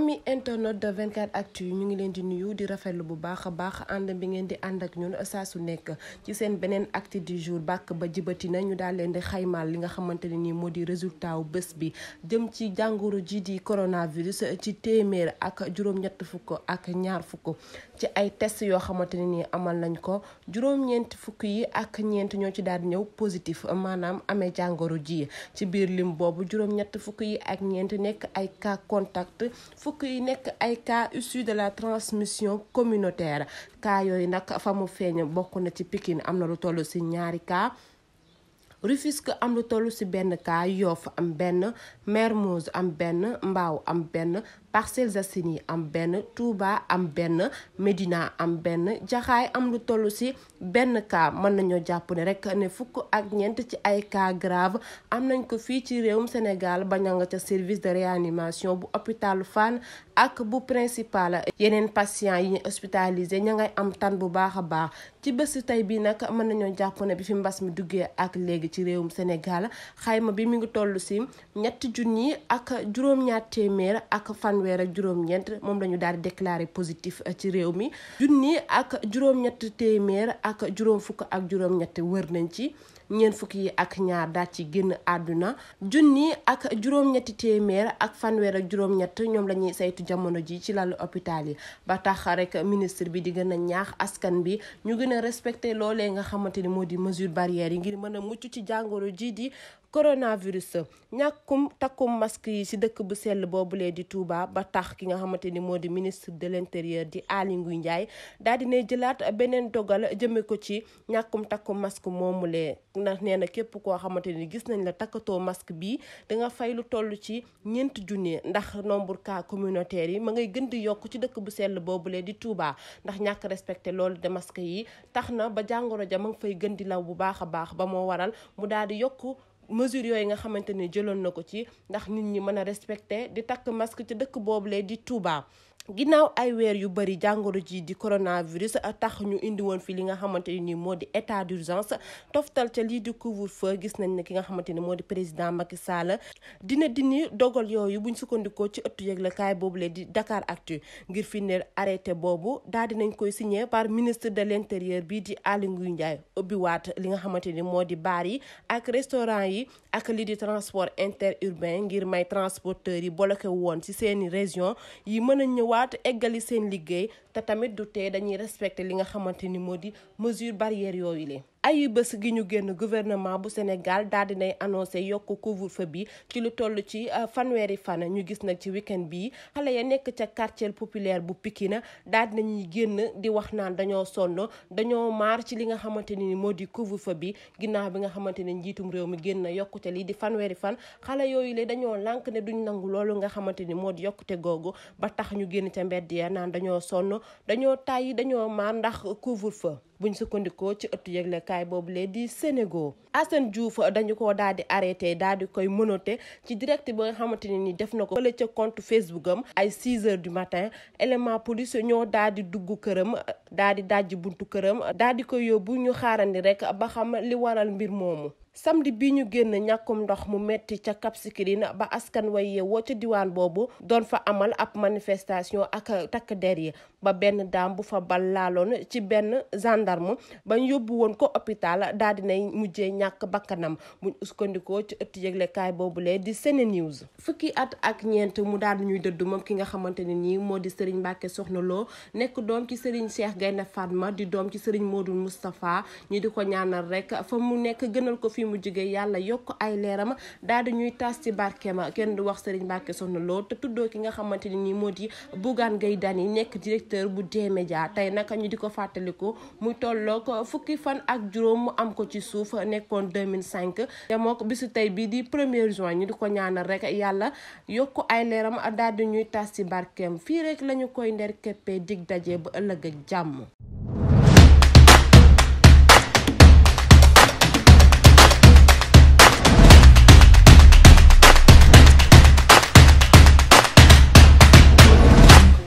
ami internet de vingt 24 actu ñu ngi leen di nuyu di rafetlu bu baax a baax ànd bi ngeen di ànd ak ñun saa su nekk ci seen beneen acte du jour bàkk ba jibati na ñu daal leen di xaymaal li nga xamante ne nii moo di résultat wu bi jëm ci jàngoro ji di coronavirus ci téeméer ak juróom fukk ak ñaar fukk ci ay test yoo xamante ne nii amal nañ ko juróom fukk yi ak ñeent ñoo ci daal di ñëw positif maanaam amee jàngoro ji ci biir lim boobu juróom fukk yi ak ñeent nekk ay cas contact. fukk yi nekk ay cas issus de la transmission communautaire cas yooyu nag fa mu feeñ bokk na ci Pikine am na lu toll ci ñaari cas. Rufisque am lu toll ci benn cas Yoff am benn Mermoz am benn Mbao am benn Parcelles yi am benn Touba am benn Médina am benn Jaxaay am lu toll ci benn cas mën nañoo jàpp ne rek ne fukk ak ñeent ci ay cas grave am nañ ko fii ci réewum Sénégal baña nga ca service de réanimation bu hôpital fan ak bu principal yeneen patient yi ñu hospitalisé ña ngay am tan bu baax a baax ci bésu tey bi nag mën nañoo jàpp ne bi fi mbas mi duggee ak léegi ci réewum Sénégal xayma bi mi ngi toll ci ñetti junni ak juróom-ñaar téeméer ak fanweer ak juróom-ñeent moom la ñu daal di déclaré positif euh, ci réew mi junni ak juróom-ñett téeméer ak juróom fukk ak juróom-ñett wër nañ ci ñeent fukk yi ak ñaar daal ci génn àdduna junni ak juróom-ñetti téeméer ak fanweer ak juróom-ñett ñoom la ñuy saytu jamono ji ci lalu hôpital yi ba tax rek ministre bi di gën a ñaax askan bi ñu gën a respecté loolee nga xamante ni moo di mesure barrière yi ngir mën a mucc ci jàngoro ji di coronavirus ñàkkum takkum masque yi ci dëkk bu sell boobu lee di Touba ba tax ki nga xamante ni moo di ministre de l'intérieur di Aly Ngouille Ndiaye daal di ne jëlaat beneen dogal jëme ko ci ñàkkum takkum masque moomulee ndax nee na képp koo xamante ni gis nañ la takkatoo masque bi danga fay lu toll ci ñeent junne ndax nombre cas communautaire yi ma ngay gën di yokk ci dëkk bu sell boobu lee di Touba ndax ñàkk respecté loolu de masque yi tax na ba jàngoro ja ma ngi fay gën law bu baax a baax ba moo waral mu daal di yokk mesures yooyu nga xamante ne jëloon na ko ci ndax nit ñi mën a respecté di takk masque ci dëkk boobu lee di Touba. ginnaaw ay weer yu bëri jàngoro ji di coronavirus tax ñu indi woon fi li nga xamante nii moo di état d'urgence toftal ca lii di couvre-feu gis nañ ne ki nga xamante ni moo di président Macky saala dina dini dogal yooyu buñ sukkandikoo ci ëttu yëglekaay boobule di Dakaractu ngir fi ne arrêté boobu daal nañ koy signé par ministre de l'intérieur bii di Aly Ngouille Ndiaye ubbiwaat li nga xamante ni moo di baar yi ak restaurant yi ak lii di transport ngir may transporteurs yi bloqué woon ci seeni région yi mën a ñëw ñëwaat eggali seen liggéey te tamit du tee dañuy respecté li nga xamante ni moo di mesure barrière yooyu leen ay bés gi ñu génn guvernement bu Sénégal daal nay annoncé yokk couvre-feu bi ci lu toll ci euh, fanweeri fan ñu gis nag ci week-end bii xale ya nekk ca quartier populaire bu Pikine daal di nañuy génn di wax naan dañoo sonn dañoo maar ci li nga xamante ni moo di couvre bi ginnaaw bi nga xamante ni njiitum réew mi génn yokkute lii di fanweeri fan xale yooyu le dañoo lànk ne duñ nangu loolu nga xamante ni moo di yokkute googu ba tax ñu génn ca mbedd ya naan dañoo sonn dañoo tàyyi dañoo maar ndax couvre-feu bu buñ sukkandikoo ci ëttu yëglekaay boobu lee di Sénégal Assane Diouf dañu ko daal di arrêté daal di koy menotté ci direct ba nga xamante ne ni def na ko fële ca compte Facebook ay 6 heures du matin élément police ñoo daal di dugg këram daal di dajji buntu këram daal di ko yóbbu ñu xaarandi rek ba xam li waral mbir moomu samedi bi ñu génn ñàkkum ndox mu metti ca Cap Skirring ba askan wa yeewoo ca diwaan boobu doon fa amal ab manifestation ak takk der yi ba benn daam bu fa bal laaloon ci benn gendarme ba ñu yóbbu woon ko hôpital daal dinay mujjee ñàkk bakkanam buñ uskandikoo ci ëtt yëglekaay boobulee di SeneNews fukki at ak ñeent mu daal di ñuy dëdd moom ki nga xamante ne nii moo di Serigne Mbacke Soxna Lo nekk doom ci Serigne Cheikh Gaynde Fatma di doom ci Serigne moodul mustafa ñu di ko ñaanal rek fa mu nekk gënal ko fi fi mu jóge yàlla yokk ay leeram daal di ñuy taas ci barkeem a kenn du wax Serigne Mbacké Soxna Lo te tuddoo ki nga xamante ni nii moo di Bougane Gueye Dany nekk directeur bu D-Media tey naka ñu di ko fàttaliku muy tolloog fukki fan ak juróom mu am ko ci suuf nekkoon 2005 te moo ko bisu tey bii di premier join ñu di ko ñaanal rek yàlla yokk ay leeram daal di ñuy tas ci barkeem fii rek lañu koy nder keppee dig daje ba ëllëg ak jàmm